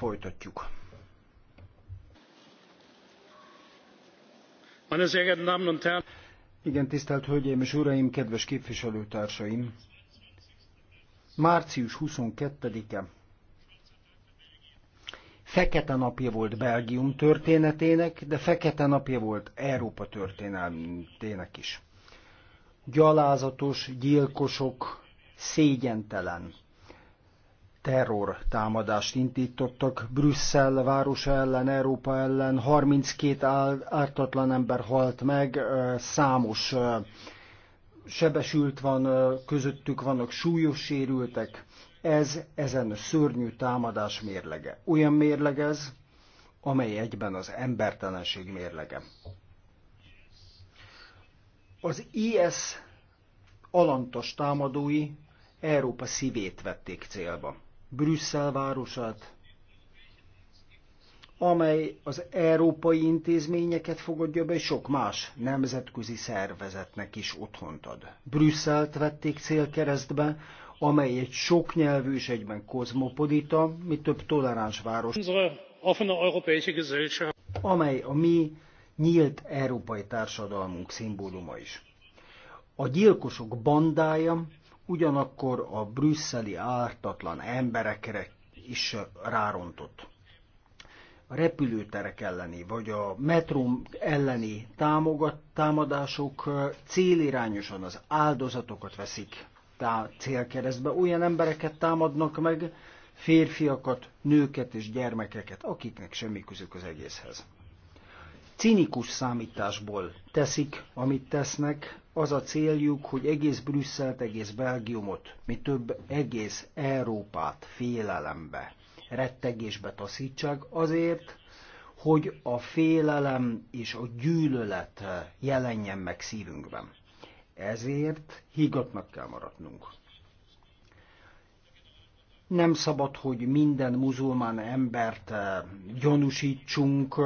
folytatjuk. Igen, tisztelt Hölgyeim és Uraim, kedves képviselőtársaim! Március 22-e fekete napja volt Belgium történetének, de fekete napja volt Európa történetének is. Gyalázatos, gyilkosok, szégyentelen, terror támadást indítottak Brüsszel városa ellen, Európa ellen. 32 ártatlan ember halt meg, számos sebesült van, közöttük vannak súlyos sérültek. Ez ezen a szörnyű támadás mérlege. Olyan mérleg ez, amely egyben az embertelenség mérlege. Az IS alantas támadói Európa szívét vették célba. Brüsszel városát, amely az európai intézményeket fogadja be, és sok más nemzetközi szervezetnek is otthont ad. Brüsszelt vették célkeresztbe, amely egy soknyelvű és egyben kozmopolita, mi több toleráns város, amely a mi nyílt európai társadalmunk szimbóluma is. A gyilkosok bandája ugyanakkor a brüsszeli ártatlan emberekre is rárontott. A repülőterek elleni, vagy a metró elleni támogat, támadások célirányosan az áldozatokat veszik tá célkeresztbe. Olyan embereket támadnak meg, férfiakat, nőket és gyermekeket, akiknek semmi közük az egészhez cinikus számításból teszik, amit tesznek, az a céljuk, hogy egész Brüsszelt, egész Belgiumot, mi több egész Európát félelembe, rettegésbe taszítsák azért, hogy a félelem és a gyűlölet jelenjen meg szívünkben. Ezért higatnak kell maradnunk nem szabad, hogy minden muzulmán embert eh, gyanúsítsunk,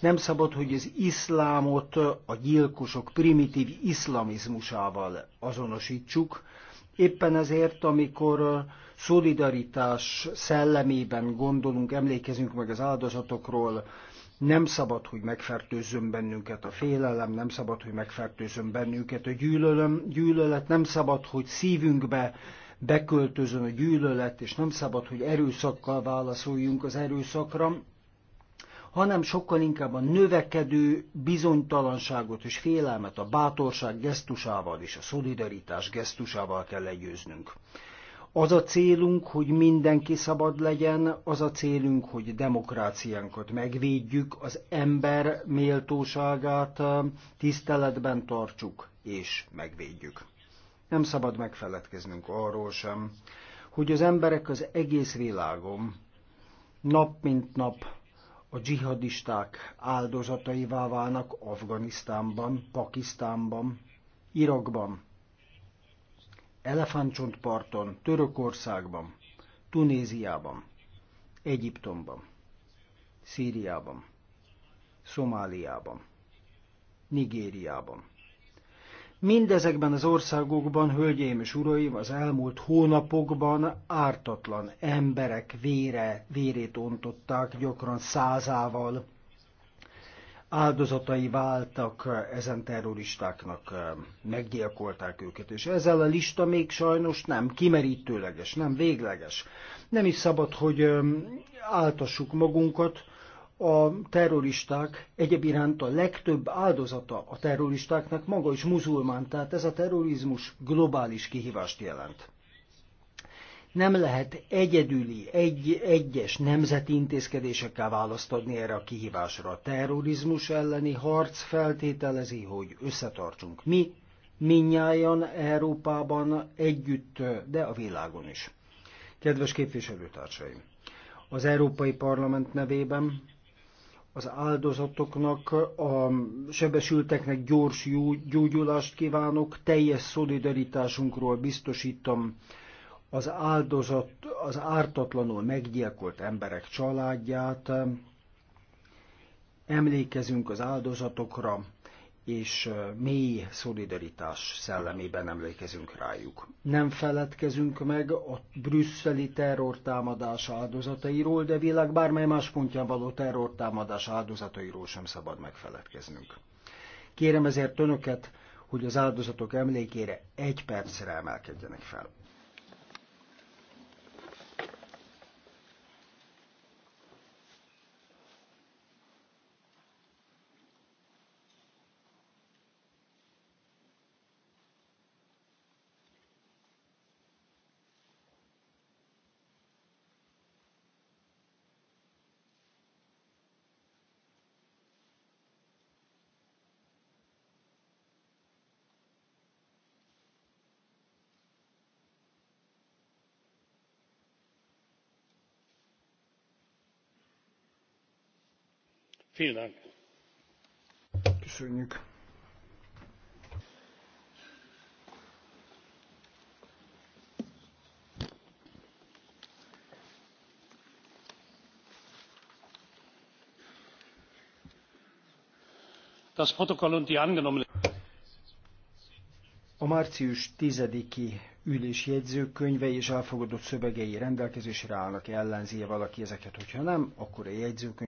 nem szabad, hogy az iszlámot a gyilkosok primitív iszlamizmusával azonosítsuk. Éppen ezért, amikor eh, szolidaritás szellemében gondolunk, emlékezünk meg az áldozatokról, nem szabad, hogy megfertőzzön bennünket a félelem, nem szabad, hogy megfertőzzön bennünket a gyűlölet, nem szabad, hogy szívünkbe beköltözön a gyűlölet, és nem szabad, hogy erőszakkal válaszoljunk az erőszakra, hanem sokkal inkább a növekedő bizonytalanságot és félelmet a bátorság gesztusával és a szolidaritás gesztusával kell legyőznünk. Az a célunk, hogy mindenki szabad legyen, az a célunk, hogy demokráciánkat megvédjük, az ember méltóságát tiszteletben tartsuk és megvédjük. Nem szabad megfeledkeznünk arról sem, hogy az emberek az egész világom nap mint nap a dzsihadisták áldozataivá válnak Afganisztánban, Pakisztánban, Irakban, Elefántcsontparton, Törökországban, Tunéziában, Egyiptomban, Szíriában, Szomáliában, Nigériában. Mindezekben az országokban, hölgyeim és uraim, az elmúlt hónapokban ártatlan emberek vére, vérét ontották, gyakran százával áldozatai váltak ezen terroristáknak, meggyilkolták őket, és ezzel a lista még sajnos nem kimerítőleges, nem végleges. Nem is szabad, hogy áltassuk magunkat, a terroristák egyéb iránt a legtöbb áldozata a terroristáknak maga is muzulmán, tehát ez a terrorizmus globális kihívást jelent. Nem lehet egyedüli, egy, egyes nemzeti intézkedésekkel választ adni erre a kihívásra. A terrorizmus elleni harc feltételezi, hogy összetartsunk mi, minnyáján Európában együtt, de a világon is. Kedves képviselőtársaim! Az Európai Parlament nevében az áldozatoknak, a sebesülteknek gyors gyógyulást kívánok, teljes szolidaritásunkról biztosítom az áldozat, az ártatlanul meggyilkolt emberek családját, emlékezünk az áldozatokra, és mély szolidaritás szellemében emlékezünk rájuk. Nem feledkezünk meg a brüsszeli terrortámadás áldozatairól, de világ bármely más pontján való terrortámadás áldozatairól sem szabad megfeledkeznünk. Kérem ezért önöket, hogy az áldozatok emlékére egy percre emelkedjenek fel. köszönjük! a március ten i ülés jegyzőkönyve és elfogadott szövegei rendelkezésre állnak ellenzi e valaki ezeket hogyha nem akkor a jegyzőkönyv